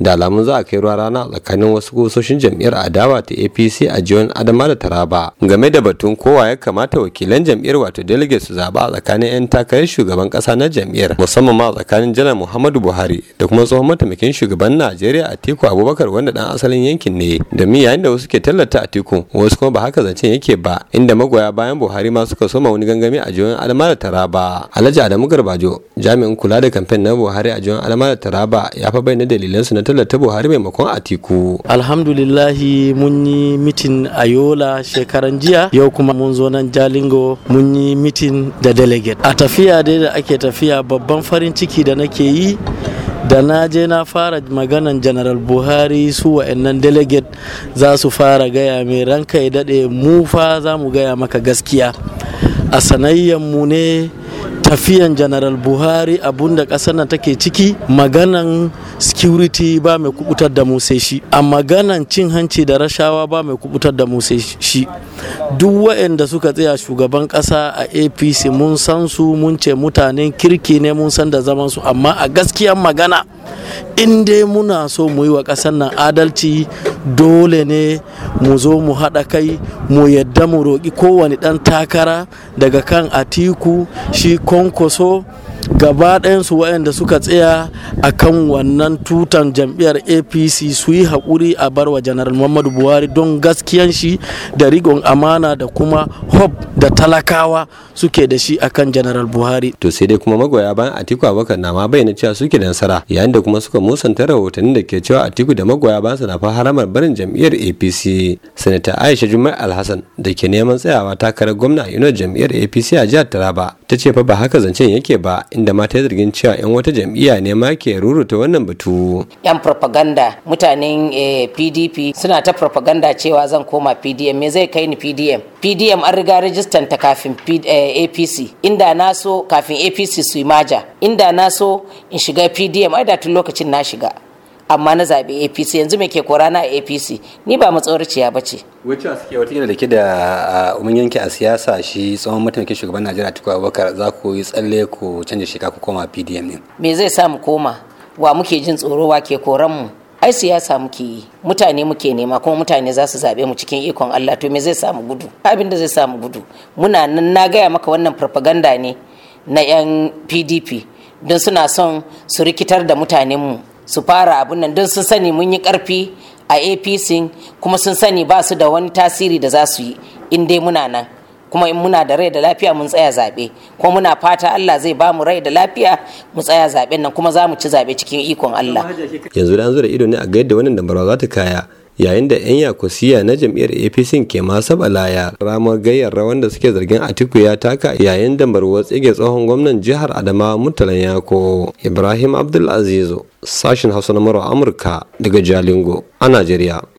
da alamun za a kai ruwa rana tsakanin wasu kusoshin jam'iyyar adawa ta apc a jihohin adama da taraba game da batun kowa ya kamata wakilan jam'iyyar wato delegates su zaɓa a tsakanin 'yan takarar shugaban ƙasa na jam'iyyar musamman ma tsakanin janar muhammadu buhari da kuma tsohon mataimakin shugaban najeriya atiku abubakar wanda dan asalin yankin ne da mi yayin da wasu ke tallata atiku wasu kuma ba haka zancen yake ba inda magoya bayan buhari ma suka soma wani gangami a jihohin adama da taraba alhaji adamu garbajo jami'in kula da kamfen na buhari a jihohin adama da taraba ya fa bayyana dalilansu na ta buhari maimakon atiku alhamdulillahi mun yi mitin a yola shekaran jiya yau kuma mun zo nan jalingo mun yi mitin da delegate a tafiya dai da ake tafiya babban farin ciki da nake yi da na je na fara maganan general buhari su wa'annan delegate za su fara gaya mai ranka ya daɗe mu fa za mu gaya maka gaskiya a sanayyan mu ne tafiyan janaral buhari abunda ƙasar nan take ciki maganan security ba mai kubutar da musa shi a maganan cin hanci da rashawa ba mai kubutar da musa shi duk waɗanda suka tsaya shugaban ƙasa a apc mun san su mun ce mutanen kirki ne mun san da zaman su amma a gaskiyan magana in dai muna so mu yi wa ƙasar nan adalci dole ne mu zo mu haɗa kai mu yadda mu roƙi kowane ɗan takara daga kan atiku shi konkoso gaba su waɗanda suka tsaya a kan wannan tutan jam'iyyar apc su yi haƙuri a barwa janar muhammadu buhari don gaskiyan shi da rigon amana da kuma hob da talakawa suke da shi akan janar buhari to sai dai kuma magoya bayan atiku abubakar na ma bayyana cewa suke da nasara yayin da kuma suka musanta rahotanni da ke cewa atiku da magoya bayan su na fa haramar barin jam'iyyar apc sanata aisha jumma'i alhassan da ke neman tsayawa takarar gwamna a yunar jam'iyyar apc a jihar taraba ta ce fa ba haka zancen yake ba inda ma ta zargin cewa 'yan wata jam'iyya ne ma ke ruruta wannan batu. 'yan propaganda mutanen pdp eh, suna ta propaganda cewa zan koma pdm me zai kai ni pdm pdm an riga rijistan ta kafin eh, apc inda na so kafin apc su yi maja inda na so in shiga pdm ai da tun lokacin na shiga amma na zaɓi apc yanzu mai ke kora na apc ni ba matsawarciya ba ce wacce suke wata da ke da umin yanki a siyasa shi tsohon mataimakin shugaban najeriya tukwa abubakar za ku yi tsalle ku canza shiga ku koma pdm ne me zai sa mu koma wa muke jin tsoro wa ke koran mu ai siyasa muke yi mutane muke nema kuma mutane za su zaɓe mu cikin ikon allah to me zai sa mu gudu abin da zai samu gudu muna nan na gaya maka wannan farfaganda ne na yan pdp don suna son su rikitar da mutanenmu su fara abin nan don sun sani mun yi karfi a apc kuma sun sani ba su da wani tasiri da za su yi in dai muna nan kuma in muna da rai da lafiya mun tsaya zaɓe kuma muna fata Allah zai ba mu rai da lafiya mu tsaya zaɓen nan kuma za mu ci zaɓe cikin ikon Allah yanzu da an zo ido ne a ga yadda wannan dambarwa za ta kaya yayin da 'yan yakusiya na jam'iyyar apc ke masu balaya ramar gayyar rawan da suke zargin atiku ya taka yayin da marwa tsige tsohon gwamnan jihar adama mutalan yako ibrahim Abdulazizu sashen hausa na amurka daga jalingo a najeriya